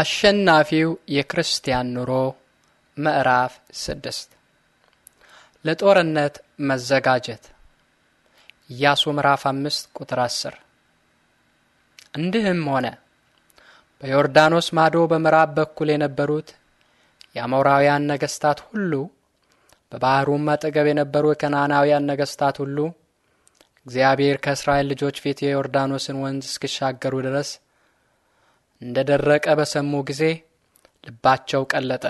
አሸናፊው የክርስቲያን ኑሮ ምዕራፍ ስድስት ለጦርነት መዘጋጀት ኢያሱ ምዕራፍ አምስት ቁጥር አስር እንዲህም ሆነ በዮርዳኖስ ማዶ በምዕራብ በኩል የነበሩት የአሞራውያን ነገስታት ሁሉ በባህሩም አጠገብ የነበሩ የከናናውያን ነገስታት ሁሉ እግዚአብሔር ከእስራኤል ልጆች ፊት የዮርዳኖስን ወንዝ እስኪሻገሩ ድረስ እንደ ደረቀ በሰሙ ጊዜ ልባቸው ቀለጠ።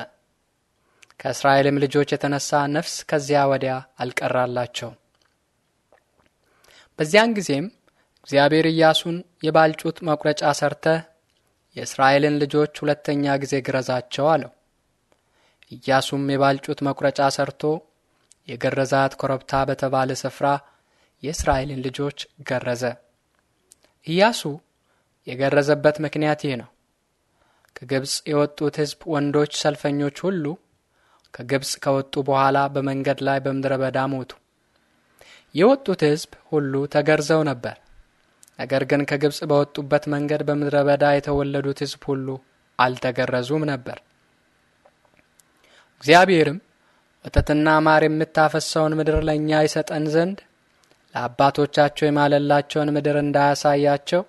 ከእስራኤልም ልጆች የተነሳ ነፍስ ከዚያ ወዲያ አልቀራላቸው። በዚያን ጊዜም እግዚአብሔር ኢያሱን የባልጩት መቁረጫ ሰርተ የእስራኤልን ልጆች ሁለተኛ ጊዜ ግረዛቸው አለው። ኢያሱም የባልጩት መቁረጫ ሰርቶ የገረዛት ኮረብታ በተባለ ስፍራ የእስራኤልን ልጆች ገረዘ። ኢያሱ የገረዘበት ምክንያት ይህ ነው። ከግብፅ የወጡት ሕዝብ ወንዶች ሰልፈኞች ሁሉ ከግብፅ ከወጡ በኋላ በመንገድ ላይ በምድረ በዳ ሞቱ። የወጡት ሕዝብ ሁሉ ተገርዘው ነበር። ነገር ግን ከግብፅ በወጡበት መንገድ በምድረ በዳ የተወለዱት ሕዝብ ሁሉ አልተገረዙም ነበር። እግዚአብሔርም ወተትና ማር የምታፈሰውን ምድር ለእኛ ይሰጠን ዘንድ ለአባቶቻቸው የማለላቸውን ምድር እንዳያሳያቸው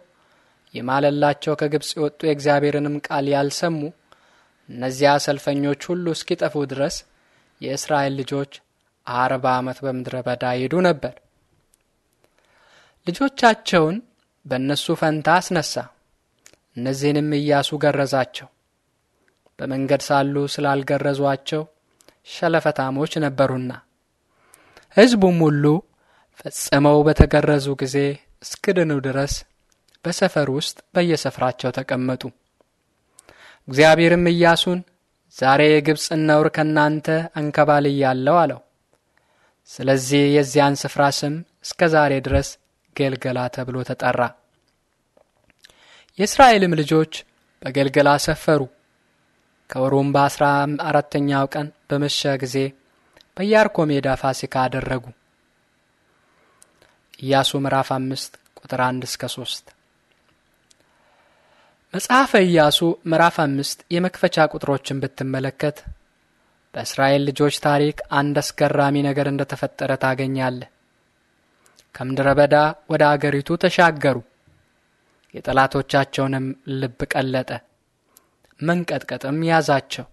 የማለላቸው ከግብፅ የወጡ የእግዚአብሔርንም ቃል ያልሰሙ እነዚያ ሰልፈኞች ሁሉ እስኪጠፉ ድረስ የእስራኤል ልጆች አርባ ዓመት በምድረ በዳ ይሄዱ ነበር። ልጆቻቸውን በእነሱ ፈንታ አስነሳ። እነዚህንም እያሱ ገረዛቸው። በመንገድ ሳሉ ስላልገረዟቸው ሸለፈታሞች ነበሩና ሕዝቡም ሁሉ ፈጽመው በተገረዙ ጊዜ እስክድኑ ድረስ በሰፈር ውስጥ በየስፍራቸው ተቀመጡ። እግዚአብሔርም ኢያሱን ዛሬ የግብፅን ነውር ከእናንተ አንከባልያለሁ አለው። ስለዚህ የዚያን ስፍራ ስም እስከ ዛሬ ድረስ ገልገላ ተብሎ ተጠራ። የእስራኤልም ልጆች በገልገላ ሰፈሩ። ከወሩም በአስራ አራተኛው ቀን በመሸ ጊዜ በያርኮ ሜዳ ፋሲካ አደረጉ። ኢያሱ ምዕራፍ አምስት ቁጥር አንድ እስከ ሶስት መጽሐፈ ኢያሱ ምዕራፍ አምስት የመክፈቻ ቁጥሮችን ብትመለከት በእስራኤል ልጆች ታሪክ አንድ አስገራሚ ነገር እንደተፈጠረ ታገኛለህ። ከምድረ በዳ ወደ አገሪቱ ተሻገሩ። የጠላቶቻቸውንም ልብ ቀለጠ፣ መንቀጥቀጥም ያዛቸው።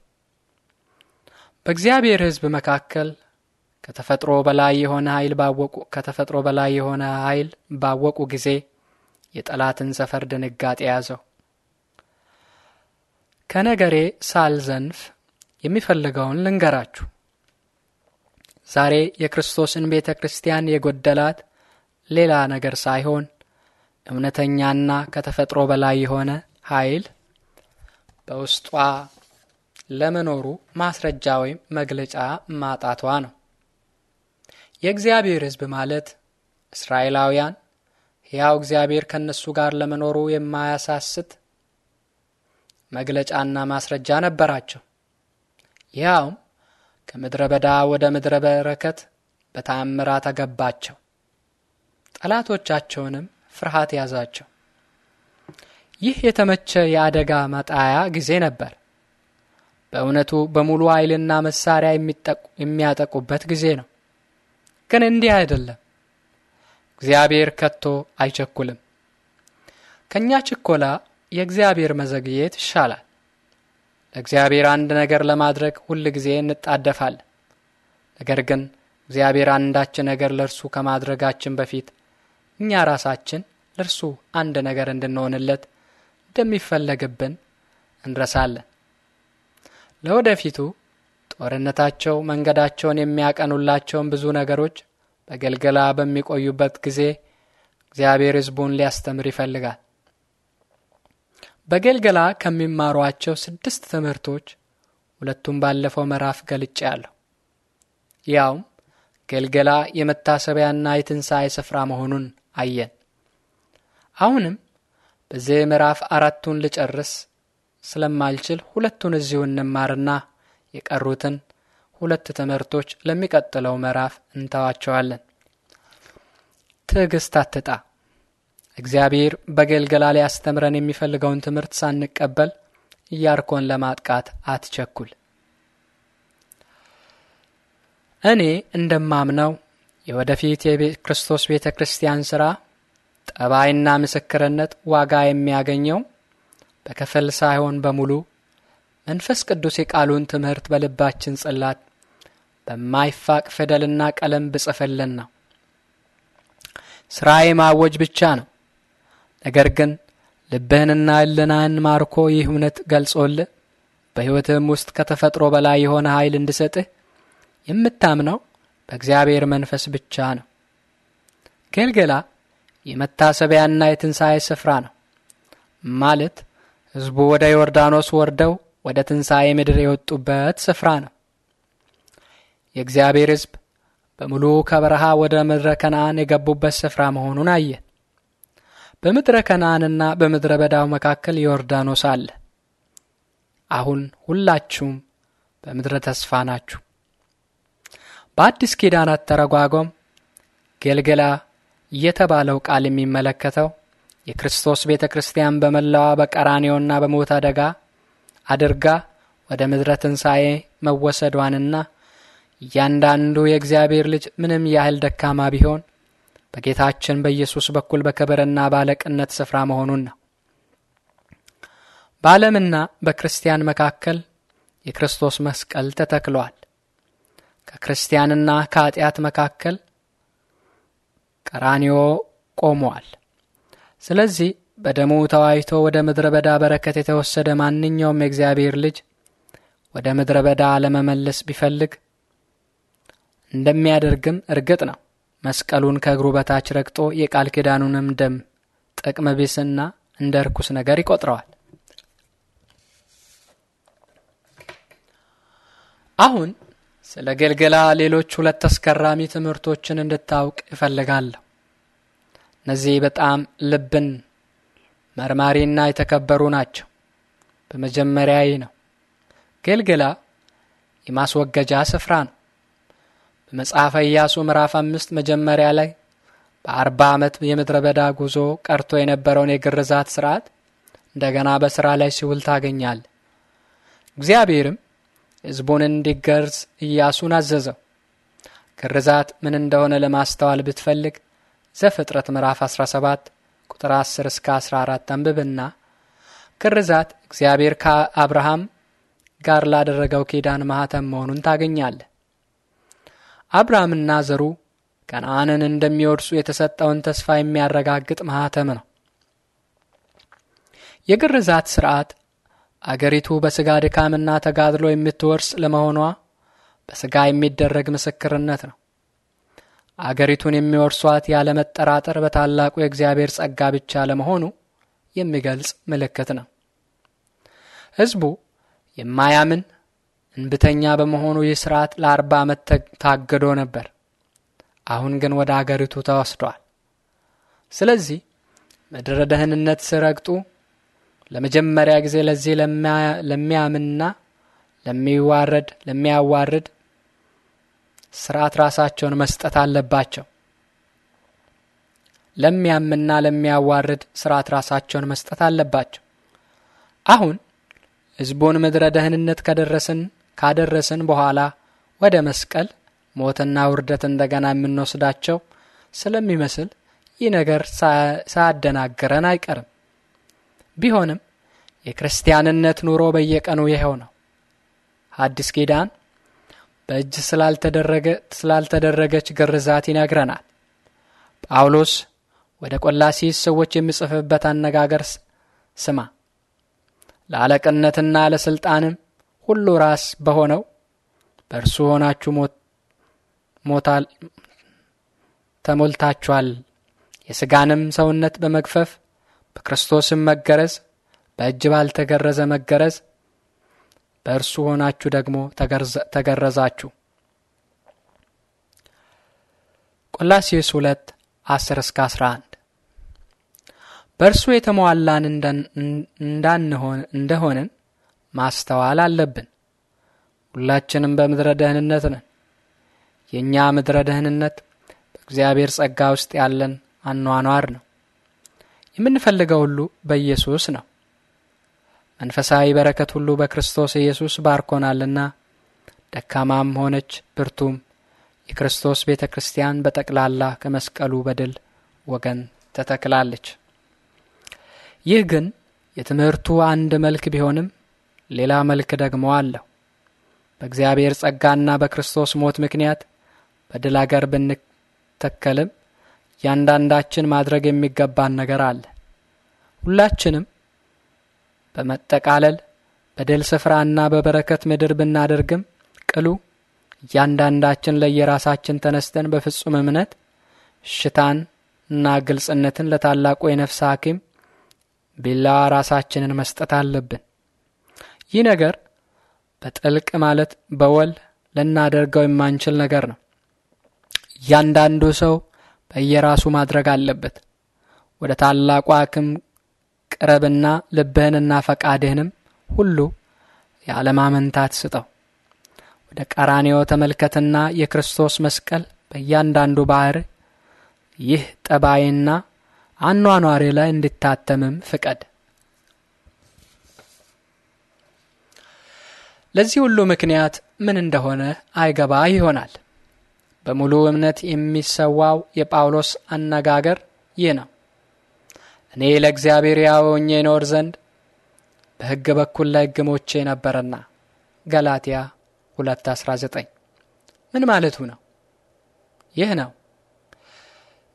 በእግዚአብሔር ሕዝብ መካከል ከተፈጥሮ በላይ የሆነ ኃይል ባወቁ ከተፈጥሮ በላይ የሆነ ኃይል ባወቁ ጊዜ የጠላትን ሰፈር ድንጋጤ ያዘው። ከነገሬ ሳልዘንፍ የሚፈልገውን ልንገራችሁ። ዛሬ የክርስቶስን ቤተ ክርስቲያን የጎደላት ሌላ ነገር ሳይሆን እውነተኛና ከተፈጥሮ በላይ የሆነ ኃይል በውስጧ ለመኖሩ ማስረጃ ወይም መግለጫ ማጣቷ ነው። የእግዚአብሔር ሕዝብ ማለት እስራኤላውያን ሕያው እግዚአብሔር ከእነሱ ጋር ለመኖሩ የማያሳስት መግለጫና ማስረጃ ነበራቸው። ይኸውም ከምድረ በዳ ወደ ምድረ በረከት በታምራ ተገባቸው ጠላቶቻቸውንም ፍርሃት ያዛቸው። ይህ የተመቸ የአደጋ ማጣያ ጊዜ ነበር። በእውነቱ በሙሉ ኃይልና መሳሪያ የሚያጠቁበት ጊዜ ነው። ግን እንዲህ አይደለም። እግዚአብሔር ከቶ አይቸኩልም። ከእኛ ችኮላ የእግዚአብሔር መዘግየት ይሻላል። ለእግዚአብሔር አንድ ነገር ለማድረግ ሁል ጊዜ እንጣደፋለን። ነገር ግን እግዚአብሔር አንዳችን ነገር ለእርሱ ከማድረጋችን በፊት እኛ ራሳችን ለእርሱ አንድ ነገር እንድንሆንለት እንደሚፈለግብን እንረሳለን። ለወደፊቱ ጦርነታቸው መንገዳቸውን የሚያቀኑላቸውን ብዙ ነገሮች በገልገላ በሚቆዩበት ጊዜ እግዚአብሔር ሕዝቡን ሊያስተምር ይፈልጋል። በገልገላ ከሚማሯቸው ስድስት ትምህርቶች ሁለቱም ባለፈው ምዕራፍ ገልጬ ያለሁ ያውም ገልገላ የመታሰቢያና የትንሣኤ ስፍራ መሆኑን አየን። አሁንም በዚህ ምዕራፍ አራቱን ልጨርስ ስለማልችል ሁለቱን እዚሁ እንማርና የቀሩትን ሁለት ትምህርቶች ለሚቀጥለው ምዕራፍ እንተዋቸዋለን። ትዕግስት አትጣ። እግዚአብሔር በገልገላ አስተምረን የሚፈልገውን ትምህርት ሳንቀበል ኢያሪኮን ለማጥቃት አትቸኩል። እኔ እንደማምነው የወደፊት የክርስቶስ ቤተ ክርስቲያን ሥራ ጠባይና ምስክርነት ዋጋ የሚያገኘው በክፍል ሳይሆን በሙሉ መንፈስ ቅዱስ የቃሉን ትምህርት በልባችን ጽላት በማይፋቅ ፊደልና ቀለም ብጽፍልን ነው። ሥራዬ ማወጅ ብቻ ነው። ነገር ግን ልብህንና ሕሊናህን ማርኮ ይህ እውነት ገልጾል በሕይወትህም ውስጥ ከተፈጥሮ በላይ የሆነ ኃይል እንድሰጥህ የምታምነው በእግዚአብሔር መንፈስ ብቻ ነው። ገልገላ የመታሰቢያና የትንሣኤ ስፍራ ነው ማለት ሕዝቡ ወደ ዮርዳኖስ ወርደው ወደ ትንሣኤ ምድር የወጡበት ስፍራ ነው። የእግዚአብሔር ሕዝብ በሙሉ ከበረሃ ወደ ምድረ ከነአን የገቡበት ስፍራ መሆኑን አየን። በምድረ ከነአንና በምድረ በዳው መካከል ዮርዳኖስ አለ። አሁን ሁላችሁም በምድረ ተስፋ ናችሁ። በአዲስ ኪዳን አተረጓጎም ገልገላ የተባለው ቃል የሚመለከተው የክርስቶስ ቤተ ክርስቲያን በመላዋ በቀራኔውና በሞት አደጋ አድርጋ ወደ ምድረ ትንሣኤ መወሰዷንና እያንዳንዱ የእግዚአብሔር ልጅ ምንም ያህል ደካማ ቢሆን በጌታችን በኢየሱስ በኩል በከበረና ባለቅነት ስፍራ መሆኑን ነው። በዓለምና በክርስቲያን መካከል የክርስቶስ መስቀል ተተክሏል። ከክርስቲያንና ከኃጢአት መካከል ቀራኒዮ ቆሟል። ስለዚህ በደሙ ተዋይቶ ወደ ምድረ በዳ በረከት የተወሰደ ማንኛውም የእግዚአብሔር ልጅ ወደ ምድረ በዳ ለመመለስ ቢፈልግ እንደሚያደርግም እርግጥ ነው። መስቀሉን ከእግሩ በታች ረግጦ የቃል ኪዳኑንም ደም ጥቅም ቢስና እንደ ርኩስ ነገር ይቆጥረዋል። አሁን ስለ ገልገላ ሌሎች ሁለት አስገራሚ ትምህርቶችን እንድታውቅ እፈልጋለሁ። እነዚህ በጣም ልብን መርማሪና የተከበሩ ናቸው። በመጀመሪያ ይህ ነው፣ ገልገላ የማስወገጃ ስፍራ ነው። መጽሐፈ ኢያሱ ምዕራፍ አምስት መጀመሪያ ላይ በአርባ ዓመት የምድረ በዳ ጉዞ ቀርቶ የነበረውን የግርዛት ስርዓት እንደገና በሥራ ላይ ሲውል ታገኛል። እግዚአብሔርም ሕዝቡን እንዲገርዝ ኢያሱን አዘዘው። ግርዛት ምን እንደሆነ ለማስተዋል ብትፈልግ ዘፍጥረት ምዕራፍ 17 ቁጥር 10 እስከ 14 አንብብና ግርዛት እግዚአብሔር ከአብርሃም ጋር ላደረገው ኪዳን ማህተም መሆኑን ታገኛለህ። አብርሃምና ዘሩ ከነአንን እንደሚወርሱ የተሰጠውን ተስፋ የሚያረጋግጥ ማህተም ነው። የግርዛት ስርዓት አገሪቱ በሥጋ ድካምና ተጋድሎ የምትወርስ ለመሆኗ በሥጋ የሚደረግ ምስክርነት ነው። አገሪቱን የሚወርሷት ያለመጠራጠር በታላቁ የእግዚአብሔር ጸጋ ብቻ ለመሆኑ የሚገልጽ ምልክት ነው። ሕዝቡ የማያምን እንብተኛ በመሆኑ ይህ ስርዓት ለአርባ ዓመት ታግዶ ነበር። አሁን ግን ወደ አገሪቱ ተወስዷል። ስለዚህ ምድረ ደህንነት ሲረግጡ ለመጀመሪያ ጊዜ ለዚህ ለሚያምንና ለሚዋረድ ለሚያዋርድ ስርዓት ራሳቸውን መስጠት አለባቸው። ለሚያምንና ለሚያዋርድ ስርዓት ራሳቸውን መስጠት አለባቸው። አሁን ህዝቡን ምድረ ደህንነት ከደረስን ካደረስን በኋላ ወደ መስቀል ሞትና ውርደት እንደገና የምንወስዳቸው ስለሚመስል ይህ ነገር ሳያደናግረን አይቀርም። ቢሆንም የክርስቲያንነት ኑሮ በየቀኑ ይኸው ነው። አዲስ ኪዳን በእጅ ስላልተደረገች ግርዛት ይነግረናል። ጳውሎስ ወደ ቆላሲስ ሰዎች የሚጽፍበት አነጋገር ስማ፣ ለአለቅነትና ለስልጣንም ሁሉ ራስ በሆነው በእርሱ ሆናችሁ ሞታል ተሞልታችኋል። የሥጋንም ሰውነት በመግፈፍ በክርስቶስም መገረዝ በእጅ ባልተገረዘ መገረዝ በእርሱ ሆናችሁ ደግሞ ተገረዛችሁ። ቆላሲስ ሁለት አስር እስከ አስራ አንድ በእርሱ የተሟላን እንዳንሆን እንደሆንን ማስተዋል አለብን። ሁላችንም በምድረ ደህንነት ነን። የእኛ ምድረ ደህንነት በእግዚአብሔር ጸጋ ውስጥ ያለን አኗኗር ነው። የምንፈልገው ሁሉ በኢየሱስ ነው። መንፈሳዊ በረከት ሁሉ በክርስቶስ ኢየሱስ ባርኮናልና ደካማም ሆነች ብርቱም የክርስቶስ ቤተ ክርስቲያን በጠቅላላ ከመስቀሉ በድል ወገን ተተክላለች። ይህ ግን የትምህርቱ አንድ መልክ ቢሆንም ሌላ መልክ ደግሞ አለው። በእግዚአብሔር ጸጋና በክርስቶስ ሞት ምክንያት በድል አገር ብንተከልም እያንዳንዳችን ማድረግ የሚገባን ነገር አለ። ሁላችንም በመጠቃለል በድል ስፍራና በበረከት ምድር ብናደርግም ቅሉ እያንዳንዳችን ለየራሳችን ተነስተን በፍጹም እምነት ሽታን እና ግልጽነትን ለታላቁ የነፍስ ሐኪም ቢላዋ ራሳችንን መስጠት አለብን። ይህ ነገር በጥልቅ ማለት በወል ልናደርገው የማንችል ነገር ነው። እያንዳንዱ ሰው በየራሱ ማድረግ አለበት። ወደ ታላቁ አክም ቅረብና ልብህንና ፈቃድህንም ሁሉ ያለማመንታት ስጠው። ወደ ቀራኔዮ ተመልከትና የክርስቶስ መስቀል በእያንዳንዱ ባህር ይህ ጠባይና አኗኗሪ ላይ እንዲታተምም ፍቀድ። ለዚህ ሁሉ ምክንያት ምን እንደሆነ አይገባ ይሆናል። በሙሉ እምነት የሚሰዋው የጳውሎስ አነጋገር ይህ ነው። እኔ ለእግዚአብሔር ሕያው ሆኜ ዘንድ በሕግ በኩል ላይ ግሞቼ ነበርና ገላትያ 2:19 ምን ማለቱ ነው? ይህ ነው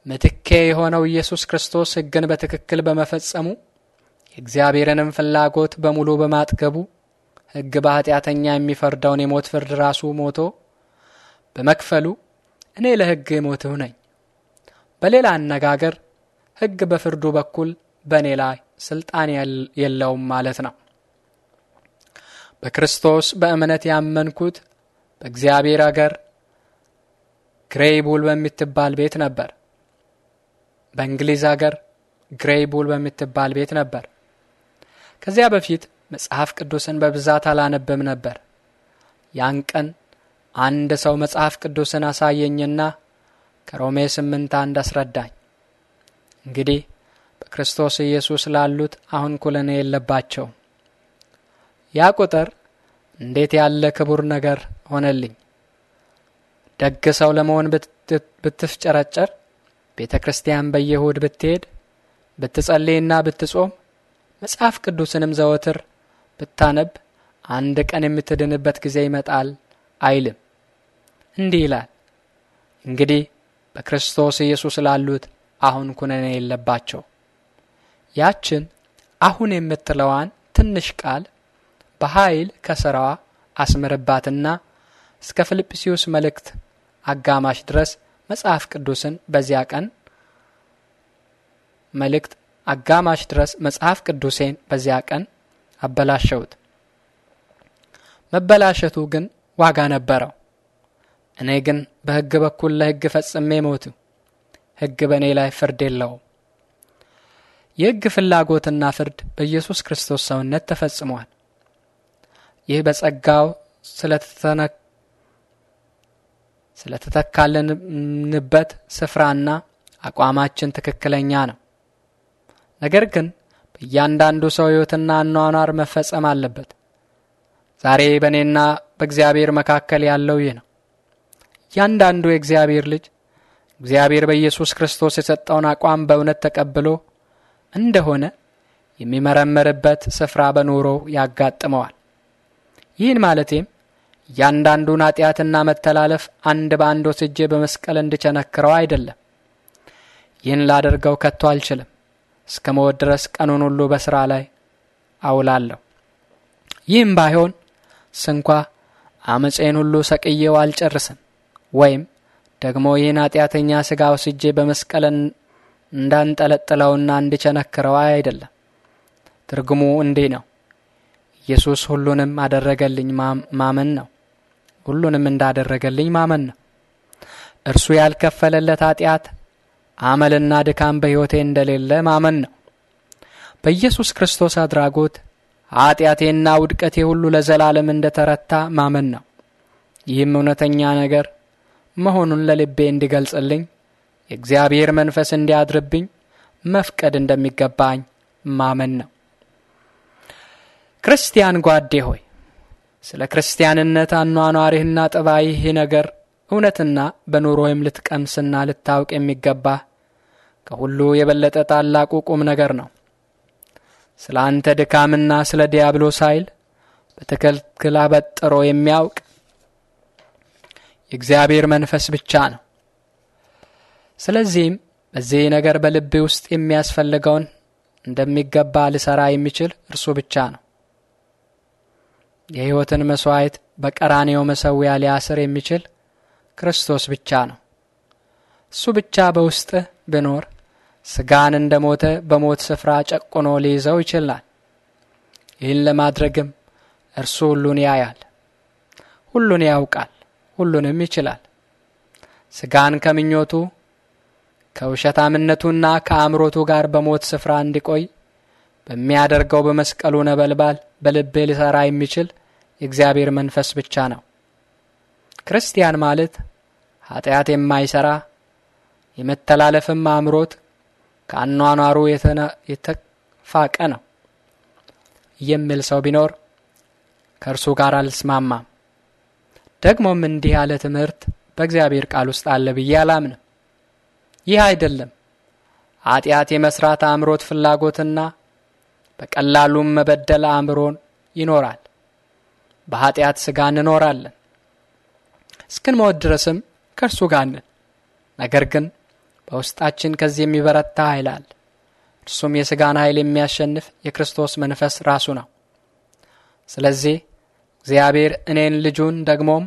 ምትኬ የሆነው ኢየሱስ ክርስቶስ ሕግን በትክክል በመፈጸሙ የእግዚአብሔርንም ፍላጎት በሙሉ በማጥገቡ ሕግ በኃጢአተኛ የሚፈርደውን የሞት ፍርድ ራሱ ሞቶ በመክፈሉ እኔ ለሕግ የሞትሁ ነኝ። በሌላ አነጋገር ሕግ በፍርዱ በኩል በእኔ ላይ ስልጣን የለውም ማለት ነው። በክርስቶስ በእምነት ያመንኩት በእግዚአብሔር አገር ግሬይቡል በምትባል ቤት ነበር። በእንግሊዝ አገር ግሬይቡል በምትባል ቤት ነበር። ከዚያ በፊት መጽሐፍ ቅዱስን በብዛት አላነብም ነበር። ያን ቀን አንድ ሰው መጽሐፍ ቅዱስን አሳየኝና ከሮሜ ስምንት አንድ አስረዳኝ። እንግዲህ በክርስቶስ ኢየሱስ ላሉት አሁን ኩነኔ የለባቸውም። ያ ቁጥር እንዴት ያለ ክቡር ነገር ሆነልኝ። ደግ ሰው ለመሆን ብትፍጨረጨር፣ ቤተ ክርስቲያን በየእሁድ ብትሄድ፣ ብትጸልይና ብትጾም መጽሐፍ ቅዱስንም ዘወትር ብታነብ አንድ ቀን የምትድንበት ጊዜ ይመጣል አይልም። እንዲህ ይላል፣ እንግዲህ በክርስቶስ ኢየሱስ ላሉት አሁን ኩነኔ የለባቸው። ያችን አሁን የምትለዋን ትንሽ ቃል በኃይል ከሥራዋ አስምርባትና እስከ ፊልጵስዩስ መልእክት አጋማሽ ድረስ መጽሐፍ ቅዱስን በዚያ ቀን መልእክት አጋማሽ ድረስ መጽሐፍ ቅዱሴን በዚያ ቀን አበላሸውት! መበላሸቱ ግን ዋጋ ነበረው። እኔ ግን በሕግ በኩል ለሕግ ፈጽሜ ሞቱ። ሕግ በእኔ ላይ ፍርድ የለውም። የሕግ ፍላጎትና ፍርድ በኢየሱስ ክርስቶስ ሰውነት ተፈጽሟል። ይህ በጸጋው ስለተተካልንበት ስፍራና አቋማችን ትክክለኛ ነው። ነገር ግን በእያንዳንዱ ሰው ሕይወትና አኗኗር መፈጸም አለበት። ዛሬ በእኔና በእግዚአብሔር መካከል ያለው ይህ ነው። እያንዳንዱ የእግዚአብሔር ልጅ እግዚአብሔር በኢየሱስ ክርስቶስ የሰጠውን አቋም በእውነት ተቀብሎ እንደሆነ የሚመረምርበት ስፍራ በኖሮ ያጋጥመዋል። ይህን ማለቴም እያንዳንዱን ኃጢአትና መተላለፍ አንድ በአንድ ወስጄ በመስቀል እንድቸነክረው አይደለም። ይህን ላደርገው ከቶ አልችልም። እስከ መወት ድረስ ቀኑን ሁሉ በሥራ ላይ አውላለሁ። ይህም ባይሆን ስንኳ አመፄን ሁሉ ሰቅዬው አልጨርስም። ወይም ደግሞ ይህን ኃጢአተኛ ሥጋ ወስጄ በመስቀል እንዳንጠለጥለውና እንድቸነክረው አይደለም። ትርጉሙ እንዲህ ነው። ኢየሱስ ሁሉንም አደረገልኝ ማመን ነው። ሁሉንም እንዳደረገልኝ ማመን ነው። እርሱ ያልከፈለለት ኃጢአት አመልና ድካም በሕይወቴ እንደሌለ ማመን ነው። በኢየሱስ ክርስቶስ አድራጎት ኀጢአቴና ውድቀቴ ሁሉ ለዘላለም እንደ ተረታ ማመን ነው። ይህም እውነተኛ ነገር መሆኑን ለልቤ እንዲገልጽልኝ የእግዚአብሔር መንፈስ እንዲያድርብኝ መፍቀድ እንደሚገባኝ ማመን ነው። ክርስቲያን ጓዴ ሆይ ስለ ክርስቲያንነት አኗኗሪህና ጥባይህ ነገር እውነትና ወይም ልትቀምስና ልታውቅ የሚገባ ከሁሉ የበለጠ ታላቁ ቁም ነገር ነው። ስለ አንተ ድካምና ስለ ዲያብሎስ ኃይል በትክክል አበጥሮ የሚያውቅ የእግዚአብሔር መንፈስ ብቻ ነው። ስለዚህም በዚህ ነገር በልቤ ውስጥ የሚያስፈልገውን እንደሚገባ ልሰራ የሚችል እርሱ ብቻ ነው። የሕይወትን መሥዋዕት በቀራኔው መሠዊያ ሊያስር የሚችል ክርስቶስ ብቻ ነው። እሱ ብቻ በውስጥህ ብኖር ስጋን እንደ ሞተ በሞት ስፍራ ጨቁኖ ሊይዘው ይችላል። ይህን ለማድረግም እርሱ ሁሉን ያያል፣ ሁሉን ያውቃል፣ ሁሉንም ይችላል። ስጋን ከምኞቱ ከውሸታምነቱና ከአእምሮቱ ጋር በሞት ስፍራ እንዲቆይ በሚያደርገው በመስቀሉ ነበልባል በልቤ ሊሰራ የሚችል የእግዚአብሔር መንፈስ ብቻ ነው። ክርስቲያን ማለት ኃጢአት የማይሰራ የመተላለፍም አእምሮት ከአኗኗሩ የተፋቀ ነው የሚል ሰው ቢኖር ከእርሱ ጋር አልስማማም። ደግሞም እንዲህ ያለ ትምህርት በእግዚአብሔር ቃል ውስጥ አለ ብዬ አላምንም። ይህ አይደለም ኃጢአት የመስራት አእምሮት ፍላጎትና በቀላሉም መበደል አእምሮን ይኖራል። በኃጢአት ሥጋ እንኖራለን እስክንሞት ድረስም ከእርሱ ጋር ነን። ነገር ግን በውስጣችን ከዚህ የሚበረታ ኃይል አለ። እርሱም የሥጋን ኃይል የሚያሸንፍ የክርስቶስ መንፈስ ራሱ ነው። ስለዚህ እግዚአብሔር እኔን ልጁን ደግሞም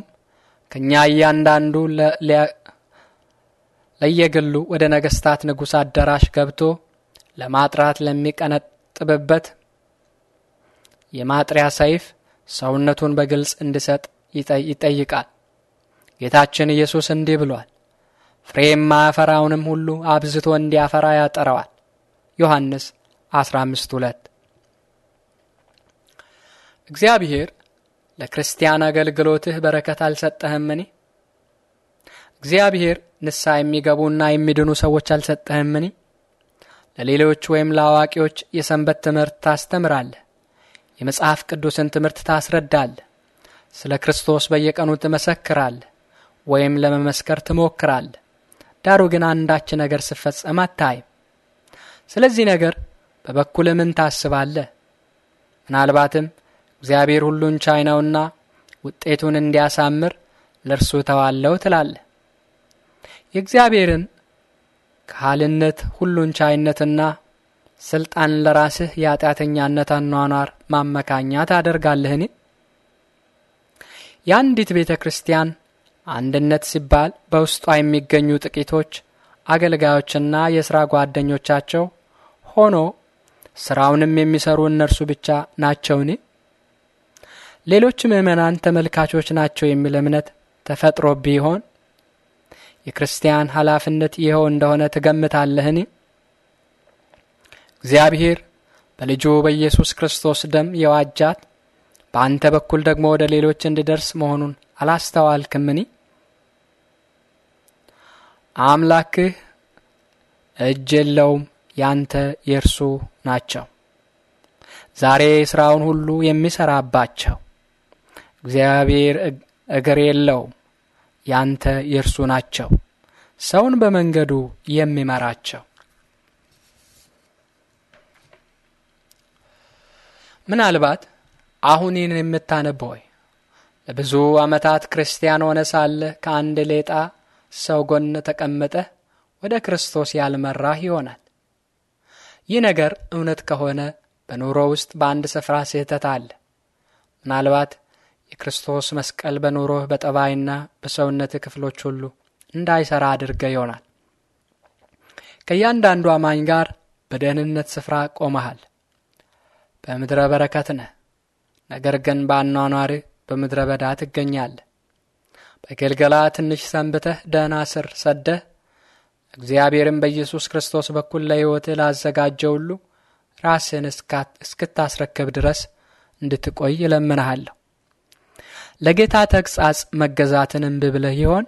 ከእኛ እያንዳንዱ ለየግሉ ወደ ነገሥታት ንጉሥ አዳራሽ ገብቶ ለማጥራት ለሚቀነጥብበት የማጥሪያ ሰይፍ ሰውነቱን በግልጽ እንዲሰጥ ይጠይቃል። ጌታችን ኢየሱስ እንዲህ ብሏል። ፍሬም ማያፈራውንም ሁሉ አብዝቶ እንዲያፈራ ያጠረዋል። ዮሐንስ 15 2 እግዚአብሔር ለክርስቲያን አገልግሎትህ በረከት አልሰጠህምን? እግዚአብሔር ንስሐ የሚገቡና የሚድኑ ሰዎች አልሰጠህምን? ለሌሎች ወይም ለአዋቂዎች የሰንበት ትምህርት ታስተምራለህ። የመጽሐፍ ቅዱስን ትምህርት ታስረዳለህ። ስለ ክርስቶስ በየቀኑ ትመሰክራለህ ወይም ለመመስከር ትሞክራለህ። ዳሩ ግን አንዳች ነገር ስፈጸም አታይም። ስለዚህ ነገር በበኩል ምን ታስባለ? ምናልባትም እግዚአብሔር ሁሉን ቻይ ነውና ውጤቱን እንዲያሳምር ለእርሱ ተዋለው ትላለ። የእግዚአብሔርን ካህልነት ሁሉን ቻይነትና ስልጣን ለራስህ የኃጢአተኛነት አኗኗር ማመካኛ ታደርጋለህን? የአንዲት ቤተ ክርስቲያን አንድነት ሲባል በውስጧ የሚገኙ ጥቂቶች አገልጋዮችና የሥራ ጓደኞቻቸው ሆኖ ሥራውንም የሚሰሩ እነርሱ ብቻ ናቸውን? ሌሎች ምእመናን ተመልካቾች ናቸው የሚል እምነት ተፈጥሮ ቢሆን የክርስቲያን ኃላፊነት ይኸው እንደሆነ ትገምታለህን? እግዚአብሔር በልጁ በኢየሱስ ክርስቶስ ደም የዋጃት በአንተ በኩል ደግሞ ወደ ሌሎች እንዲደርስ መሆኑን አላስተዋልክምን? አምላክህ እጅ የለውም፣ ያንተ የእርሱ ናቸው። ዛሬ ስራውን ሁሉ የሚሰራባቸው እግዚአብሔር እግር የለውም፣ ያንተ የእርሱ ናቸው። ሰውን በመንገዱ የሚመራቸው ምናልባት አሁን ይህን የምታነብ ሆይ ለብዙ ዓመታት ክርስቲያን ሆነ ሳለ ከአንድ ሌጣ ሰው ጎን ተቀመጠ ወደ ክርስቶስ ያልመራህ ይሆናል። ይህ ነገር እውነት ከሆነ በኑሮ ውስጥ በአንድ ስፍራ ስህተት አለ። ምናልባት የክርስቶስ መስቀል በኑሮህ በጠባይና በሰውነት ክፍሎች ሁሉ እንዳይሰራ አድርገ ይሆናል። ከእያንዳንዱ አማኝ ጋር በደህንነት ስፍራ ቆመሃል። በምድረ በረከት ነህ። ነገር ግን በአኗኗርህ በምድረ በዳ ትገኛለህ። በገልገላ ትንሽ ሰንብተህ ደህና ስር ሰደህ እግዚአብሔርን በኢየሱስ ክርስቶስ በኩል ለሕይወትህ ላዘጋጀው ሁሉ ራስህን እስክታስረክብ ድረስ እንድትቆይ እለምንሃለሁ። ለጌታ ተግጻጽ መገዛትን እምቢ ብለህ ይሆን?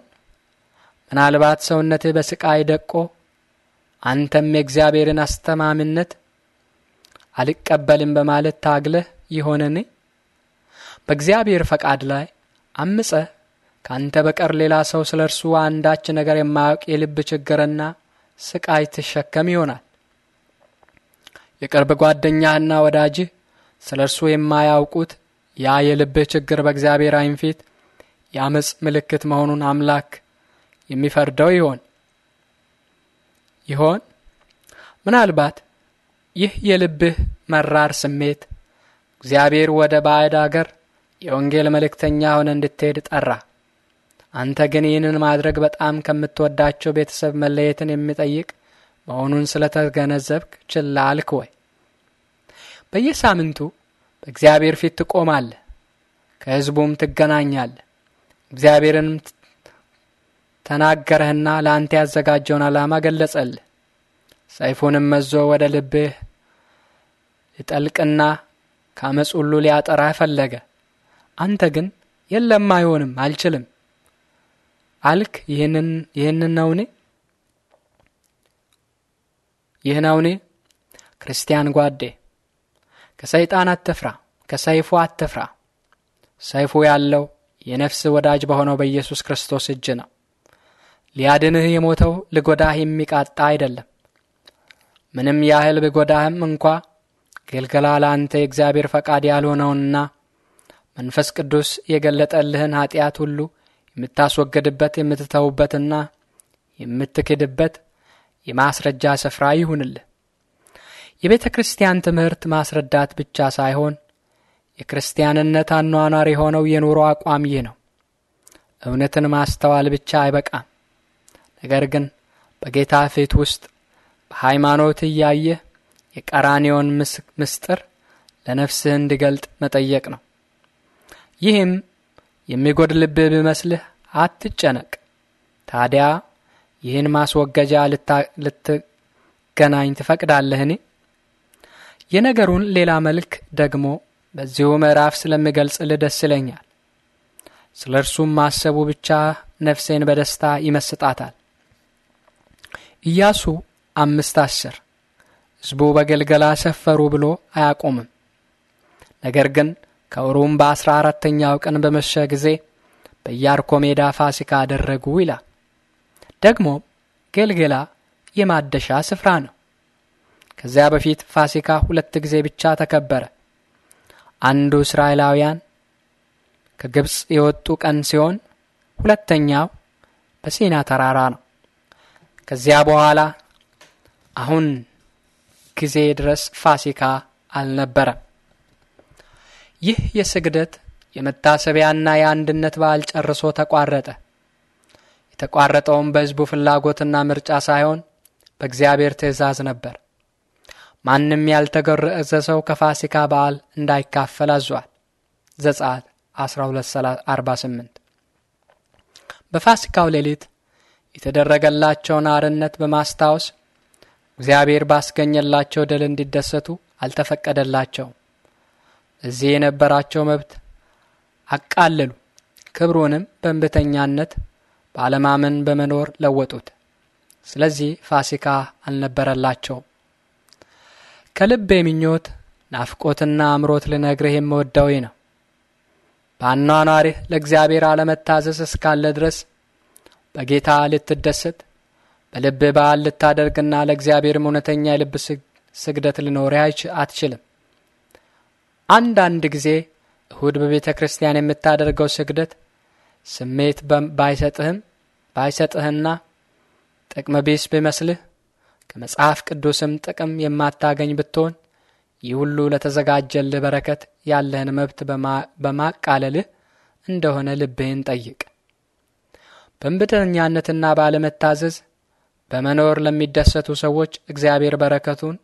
ምናልባት ሰውነትህ በስቃይ ደቆ አንተም የእግዚአብሔርን አስተማምነት አልቀበልም በማለት ታግለህ ይሆንን? በእግዚአብሔር ፈቃድ ላይ አምፀህ ከአንተ በቀር ሌላ ሰው ስለ እርሱ አንዳች ነገር የማያውቅ የልብ ችግርና ስቃይ ትሸከም ይሆናል። የቅርብ ጓደኛህና ወዳጅህ ስለ እርሱ የማያውቁት ያ የልብህ ችግር በእግዚአብሔር ዓይን ፊት የአመፅ ምልክት መሆኑን አምላክ የሚፈርደው ይሆን ይሆን? ምናልባት ይህ የልብህ መራር ስሜት እግዚአብሔር ወደ ባዕድ አገር የወንጌል መልእክተኛ ሆነ እንድትሄድ ጠራ። አንተ ግን ይህንን ማድረግ በጣም ከምትወዳቸው ቤተሰብ መለየትን የሚጠይቅ መሆኑን ስለተገነዘብክ ችላ አልክ ወይ? በየሳምንቱ በእግዚአብሔር ፊት ትቆማለህ፣ ከሕዝቡም ትገናኛለህ። እግዚአብሔርንም ተናገረህና ለአንተ ያዘጋጀውን ዓላማ ገለጸልህ። ሰይፉንም መዞ ወደ ልብህ ሊጠልቅና ከአመፅ ሁሉ ሊያጠራህ ፈለገ። አንተ ግን የለም፣ አይሆንም፣ አልችልም አልክ ይህንን ይህንን ነውኔ ይህ ክርስቲያን ጓዴ ከሰይጣን አትፍራ፣ ከሰይፉ አትፍራ። ሰይፉ ያለው የነፍስ ወዳጅ በሆነው በኢየሱስ ክርስቶስ እጅ ነው። ሊያድንህ የሞተው ልጎዳህ የሚቃጣ አይደለም። ምንም ያህል ብጎዳህም እንኳ ገልገላ ለአንተ የእግዚአብሔር ፈቃድ ያልሆነውንና መንፈስ ቅዱስ የገለጠልህን ኃጢአት ሁሉ የምታስወገድበት የምትተውበትና የምትክድበት የማስረጃ ስፍራ ይሁንልህ። የቤተ ክርስቲያን ትምህርት ማስረዳት ብቻ ሳይሆን የክርስቲያንነት አኗኗር የሆነው የኑሮ አቋም ይህ ነው። እውነትን ማስተዋል ብቻ አይበቃም። ነገር ግን በጌታ ፊት ውስጥ በሃይማኖት እያየህ የቀራኒዮን ምስጢር ለነፍስህ እንዲገልጥ መጠየቅ ነው። ይህም የሚጎድ ልብህ ቢመስልህ አትጨነቅ። ታዲያ ይህን ማስወገጃ ልትገናኝ ትፈቅዳለህን? የነገሩን ሌላ መልክ ደግሞ በዚሁ ምዕራፍ ስለሚገልጽልህ ደስ ይለኛል። ስለ እርሱም ማሰቡ ብቻ ነፍሴን በደስታ ይመስጣታል። ኢያሱ አምስት አስር ሕዝቡ በገልገላ ሰፈሩ ብሎ አያቆምም። ነገር ግን ከወሩም በአስራ አራተኛው ቀን በመሸ ጊዜ በኢያሪኮ ሜዳ ፋሲካ አደረጉ ይላል። ደግሞ ገልገላ የማደሻ ስፍራ ነው። ከዚያ በፊት ፋሲካ ሁለት ጊዜ ብቻ ተከበረ። አንዱ እስራኤላውያን ከግብፅ የወጡ ቀን ሲሆን ሁለተኛው በሲና ተራራ ነው። ከዚያ በኋላ አሁን ጊዜ ድረስ ፋሲካ አልነበረም። ይህ የስግደት የመታሰቢያና የአንድነት በዓል ጨርሶ ተቋረጠ። የተቋረጠውም በሕዝቡ ፍላጎትና ምርጫ ሳይሆን በእግዚአብሔር ትእዛዝ ነበር። ማንም ያልተገረዘ ሰው ከፋሲካ በዓል እንዳይካፈል አዟል። ዘጸአት 1248 በፋሲካው ሌሊት የተደረገላቸውን አርነት በማስታወስ እግዚአብሔር ባስገኘላቸው ድል እንዲደሰቱ አልተፈቀደላቸውም። እዚህ የነበራቸው መብት አቃለሉ። ክብሩንም በእንብተኛነት ባለማመን በመኖር ለወጡት። ስለዚህ ፋሲካ አልነበረላቸውም። ከልብ የሚኞት ናፍቆትና አምሮት ልነግርህ የምወደው ነው። በአኗኗሪህ ለእግዚአብሔር አለመታዘዝ እስካለ ድረስ በጌታ ልትደሰት በልብ በዓል ልታደርግና ለእግዚአብሔርም እውነተኛ የልብ ስግደት ልኖርህ አትችልም። አንዳንድ ጊዜ እሁድ በቤተ ክርስቲያን የምታደርገው ስግደት ስሜት ባይሰጥህም ባይሰጥህና ጥቅመ ቢስ ቢመስልህ ከመጽሐፍ ቅዱስም ጥቅም የማታገኝ ብትሆን ይህ ሁሉ ለተዘጋጀልህ በረከት ያለህን መብት በማቃለልህ እንደሆነ ልብህን ጠይቅ። በእንብተኛነትና ባለመታዘዝ በመኖር ለሚደሰቱ ሰዎች እግዚአብሔር በረከቱን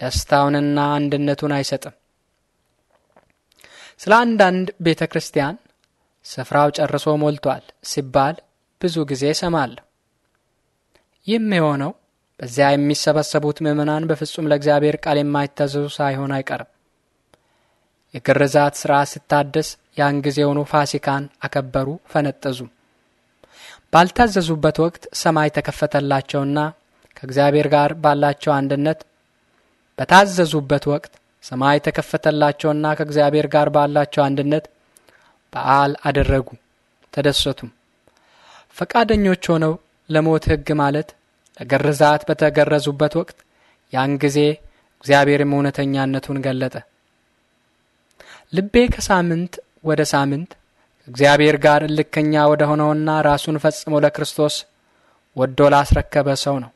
ደስታውንና አንድነቱን አይሰጥም። ስለ አንዳንድ ቤተ ክርስቲያን ስፍራው ጨርሶ ሞልቷል ሲባል ብዙ ጊዜ እሰማለሁ። ይህም የሆነው በዚያ የሚሰበሰቡት ምዕመናን በፍጹም ለእግዚአብሔር ቃል የማይታዘዙ ሳይሆን አይቀርም። የግርዛት ሥራ ስታደስ ያን ጊዜውኑ ፋሲካን አከበሩ፣ ፈነጠዙ። ባልታዘዙበት ወቅት ሰማይ ተከፈተላቸውና ከእግዚአብሔር ጋር ባላቸው አንድነት በታዘዙበት ወቅት ሰማይ ተከፈተላቸውና ከእግዚአብሔር ጋር ባላቸው አንድነት በዓል አደረጉ፣ ተደሰቱም። ፈቃደኞች ሆነው ለሞት ሕግ ማለት ለግርዛት በተገረዙበት ወቅት ያን ጊዜ እግዚአብሔርም እውነተኛነቱን ገለጠ። ልቤ ከሳምንት ወደ ሳምንት ከእግዚአብሔር ጋር እልከኛ ወደ ሆነውና ራሱን ፈጽሞ ለክርስቶስ ወዶ ላስረከበ ሰው ነው።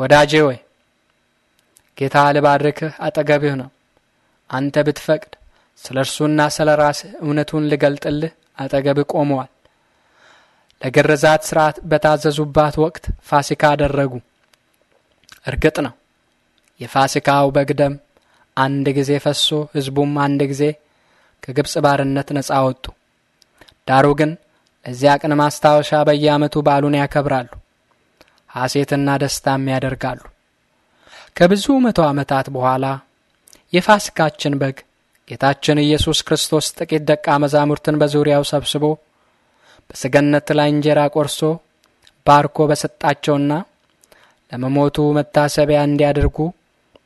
ወዳጄ ወይ ጌታ ልባርክህ አጠገብህ ነው። አንተ ብትፈቅድ ስለ እርሱና ስለ ራስህ እውነቱን ልገልጥልህ አጠገብህ ቆመዋል። ለግርዛት ስርዓት በታዘዙባት ወቅት ፋሲካ አደረጉ። እርግጥ ነው የፋሲካው በግ ደም አንድ ጊዜ ፈሶ ሕዝቡም አንድ ጊዜ ከግብፅ ባርነት ነፃ ወጡ። ዳሩ ግን ለዚያ ቅን ማስታወሻ በየዓመቱ በዓሉን ያከብራሉ፣ ሐሴትና ደስታም ያደርጋሉ። ከብዙ መቶ ዓመታት በኋላ የፋሲካችን በግ ጌታችን ኢየሱስ ክርስቶስ ጥቂት ደቀ መዛሙርትን በዙሪያው ሰብስቦ በሰገነት ላይ እንጀራ ቆርሶ ባርኮ በሰጣቸውና ለመሞቱ መታሰቢያ እንዲያደርጉ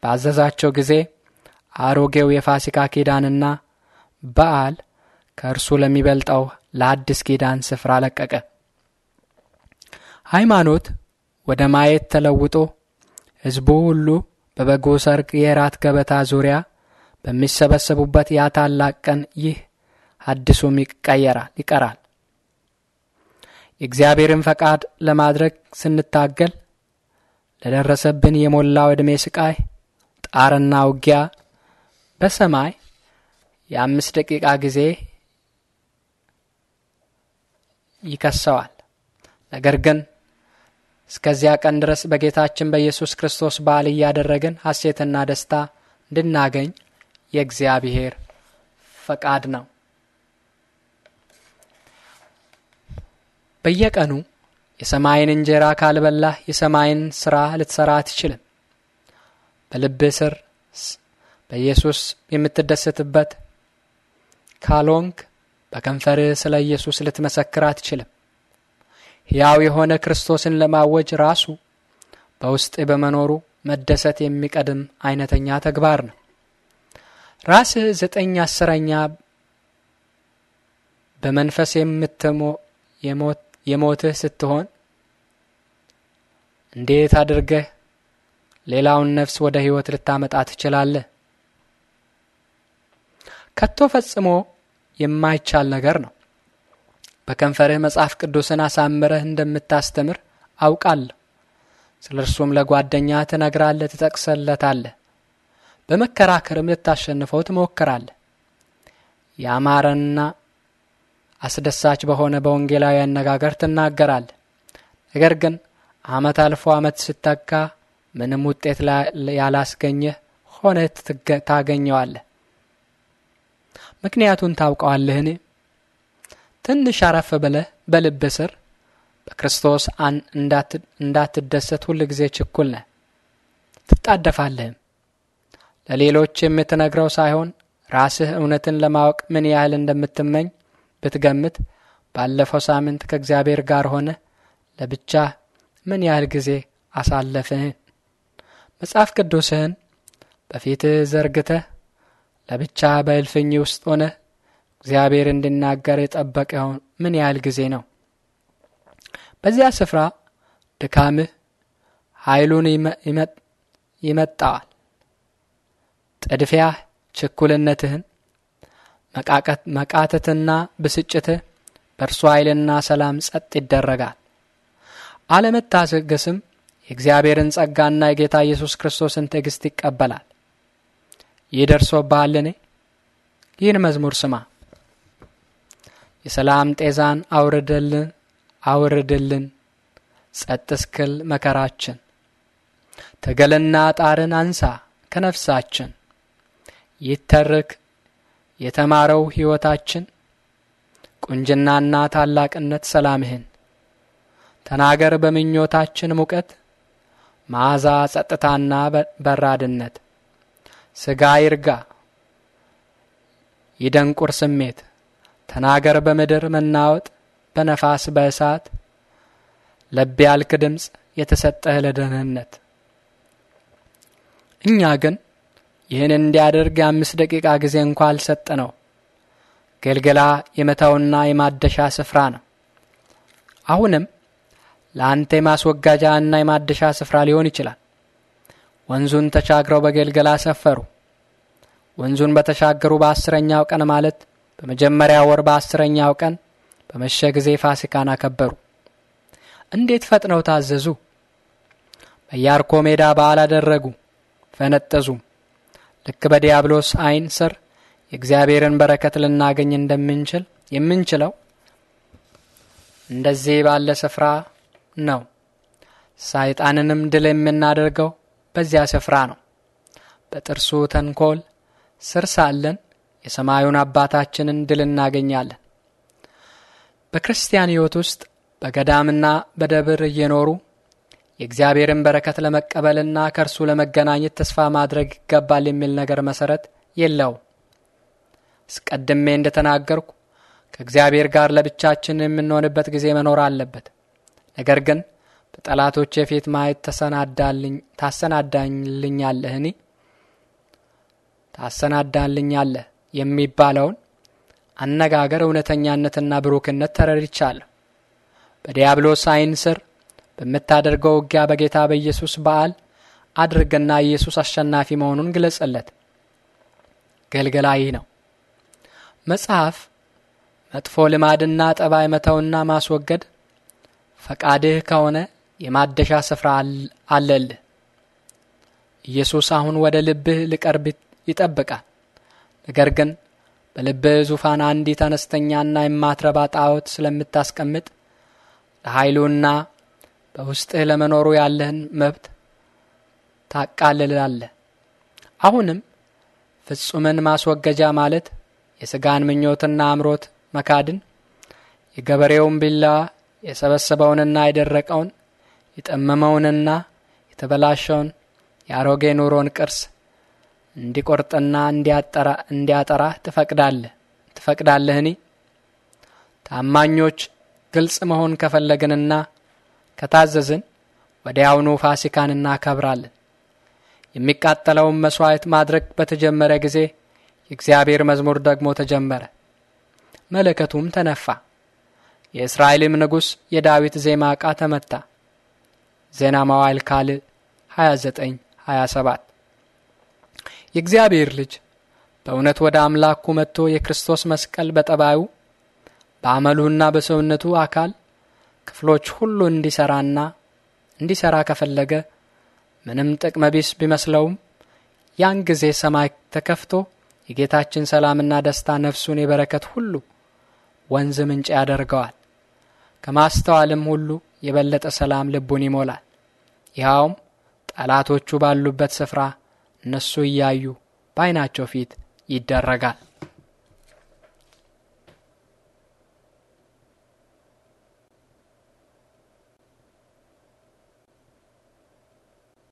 ባዘዛቸው ጊዜ አሮጌው የፋሲካ ኪዳንና በዓል ከእርሱ ለሚበልጠው ለአዲስ ኪዳን ስፍራ ለቀቀ። ሃይማኖት ወደ ማየት ተለውጦ ሕዝቡ ሁሉ በበጎ ሰርግ የራት ገበታ ዙሪያ በሚሰበሰቡበት ያ ታላቅ ቀን ይህ አዲሱም ይቀየራል ይቀራል። የእግዚአብሔርን ፈቃድ ለማድረግ ስንታገል ለደረሰብን የሞላው ዕድሜ ስቃይ ጣርና ውጊያ በሰማይ የአምስት ደቂቃ ጊዜ ይከሰዋል። ነገር ግን እስከዚያ ቀን ድረስ በጌታችን በኢየሱስ ክርስቶስ በዓል እያደረግን ሐሴትና ደስታ እንድናገኝ የእግዚአብሔር ፈቃድ ነው። በየቀኑ የሰማይን እንጀራ ካልበላህ የሰማይን ሥራ ልትሠራ አትችልም። በልብ ስር በኢየሱስ የምትደሰትበት ካልሆንክ በከንፈርህ ስለ ኢየሱስ ልትመሰክር አትችልም። ሕያው የሆነ ክርስቶስን ለማወጅ ራሱ በውስጤ በመኖሩ መደሰት የሚቀድም አይነተኛ ተግባር ነው። ራስህ ዘጠኝ አስረኛ በመንፈስ የምትሞ የሞትህ ስትሆን እንዴት አድርገህ ሌላውን ነፍስ ወደ ሕይወት ልታመጣ ትችላለህ? ከቶ ፈጽሞ የማይቻል ነገር ነው። በከንፈርህ መጽሐፍ ቅዱስን አሳምረህ እንደምታስተምር አውቃለሁ። ስለ እርሱም ለጓደኛ ትነግራለህ፣ ትጠቅሰለታለህ፣ በመከራከርም ልታሸንፈው ትሞክራለህ። ያማረና አስደሳች በሆነ በወንጌላዊ አነጋገር ትናገራለህ። ነገር ግን ዓመት አልፎ ዓመት ስተካ ምንም ውጤት ያላስገኘህ ሆነ ታገኘዋለህ። ምክንያቱን ታውቀዋለህን? ትንሽ አረፍ ብለህ በልብ ስር በክርስቶስ እንዳትደሰት ሁል ጊዜ ችኩል ነህ፣ ትጣደፋለህም። ለሌሎች የምትነግረው ሳይሆን ራስህ እውነትን ለማወቅ ምን ያህል እንደምትመኝ ብትገምት፣ ባለፈው ሳምንት ከእግዚአብሔር ጋር ሆነ ለብቻ ምን ያህል ጊዜ አሳለፍህን መጽሐፍ ቅዱስህን በፊትህ ዘርግተህ ለብቻ በእልፍኝ ውስጥ ሆነህ እግዚአብሔር እንድናገር የጠበቀውን ምን ያህል ጊዜ ነው? በዚያ ስፍራ ድካምህ ኃይሉን ይመጣዋል። ጥድፊያህ ችኩልነትህን፣ መቃተትና ብስጭትህ በእርሱ ኃይልና ሰላም ጸጥ ይደረጋል። አለመታገስም የእግዚአብሔርን ጸጋና የጌታ ኢየሱስ ክርስቶስን ትዕግስት ይቀበላል። ይህ ደርሶብሃልን? ይህን መዝሙር ስማ። የሰላም ጤዛን አውርድልን አውርድልን ጸጥ እስክል መከራችን ትግልና ጣርን አንሳ ከነፍሳችን ይተርክ የተማረው ሕይወታችን ቁንጅናና ታላቅነት ሰላምህን ተናገር በምኞታችን ሙቀት መዓዛ ጸጥታና በራድነት ስጋ ይርጋ ይደንቁር ስሜት ተናገር በምድር መናወጥ፣ በነፋስ በእሳት ለብ ያልክ ድምፅ የተሰጠህ ለደህንነት። እኛ ግን ይህን እንዲያደርግ የአምስት ደቂቃ ጊዜ እንኳ አልሰጠ ነው። ገልገላ የመተውና የማደሻ ስፍራ ነው። አሁንም ለአንተ የማስወጋጃና የማደሻ ስፍራ ሊሆን ይችላል። ወንዙን ተሻግረው በገልገላ ሰፈሩ። ወንዙን በተሻገሩ በአስረኛው ቀን ማለት በመጀመሪያ ወር በአስረኛው ቀን በመሸ ጊዜ ፋሲካን አከበሩ። እንዴት ፈጥነው ታዘዙ! በያርኮ ሜዳ በዓል አደረጉ፣ ፈነጠዙም። ልክ በዲያብሎስ ዓይን ስር የእግዚአብሔርን በረከት ልናገኝ እንደምንችል የምንችለው እንደዚህ ባለ ስፍራ ነው። ሰይጣንንም ድል የምናደርገው በዚያ ስፍራ ነው። በጥርሱ ተንኮል ስር ሳለን የሰማዩን አባታችንን ድል እናገኛለን። በክርስቲያን ሕይወት ውስጥ በገዳምና በደብር እየኖሩ የእግዚአብሔርን በረከት ለመቀበልና ከእርሱ ለመገናኘት ተስፋ ማድረግ ይገባል የሚል ነገር መሰረት የለው። አስቀድሜ እንደተናገርኩ ከእግዚአብሔር ጋር ለብቻችን የምንሆንበት ጊዜ መኖር አለበት። ነገር ግን በጠላቶች የፊት ማየት ታሰናዳልኛለህን ታሰናዳልኛለህ የሚባለውን አነጋገር እውነተኛነትና ብሩክነት ተረድቻለሁ። በዲያብሎስ ዓይን ስር በምታደርገው ውጊያ በጌታ በኢየሱስ በዓል አድርግና ኢየሱስ አሸናፊ መሆኑን ግለጽለት። ገልገላ ይህ ነው። መጽሐፍ መጥፎ ልማድና ጠባይ መተውና ማስወገድ ፈቃድህ ከሆነ የማደሻ ስፍራ አለልህ። ኢየሱስ አሁን ወደ ልብህ ሊቀርብ ይጠብቃል። ነገር ግን በልብህ ዙፋን አንዲት አነስተኛና የማትረባ ጣዖት ስለምታስቀምጥ ለኃይሉና በውስጥህ ለመኖሩ ያለህን መብት ታቃልላለህ። አሁንም ፍጹምን ማስወገጃ ማለት የሥጋን ምኞትና አምሮት መካድን፣ የገበሬውን ቢላ የሰበሰበውንና የደረቀውን፣ የጠመመውንና የተበላሸውን የአሮጌ ኑሮን ቅርስ እንዲቆርጥና እንዲያጠራ ትፈቅዳለህ ትፈቅዳለህኒ? ታማኞች ግልጽ መሆን ከፈለግንና ከታዘዝን ወዲያውኑ ፋሲካን እናከብራለን። የሚቃጠለውን መሥዋዕት ማድረግ በተጀመረ ጊዜ የእግዚአብሔር መዝሙር ደግሞ ተጀመረ፣ መለከቱም ተነፋ። የእስራኤልም ንጉሥ የዳዊት ዜማ ዕቃ ተመታ። ዜና መዋዕል ካልዕ 29 27 የእግዚአብሔር ልጅ በእውነት ወደ አምላኩ መጥቶ የክርስቶስ መስቀል በጠባዩ በአመሉና በሰውነቱ አካል ክፍሎች ሁሉ እንዲሰራና እንዲሰራ ከፈለገ ምንም ጥቅመ ቢስ ቢመስለውም ያን ጊዜ ሰማይ ተከፍቶ የጌታችን ሰላምና ደስታ ነፍሱን የበረከት ሁሉ ወንዝ ምንጭ ያደርገዋል። ከማስተዋልም ሁሉ የበለጠ ሰላም ልቡን ይሞላል። ይኸውም ጠላቶቹ ባሉበት ስፍራ እነሱ እያዩ በዓይናቸው ፊት ይደረጋል።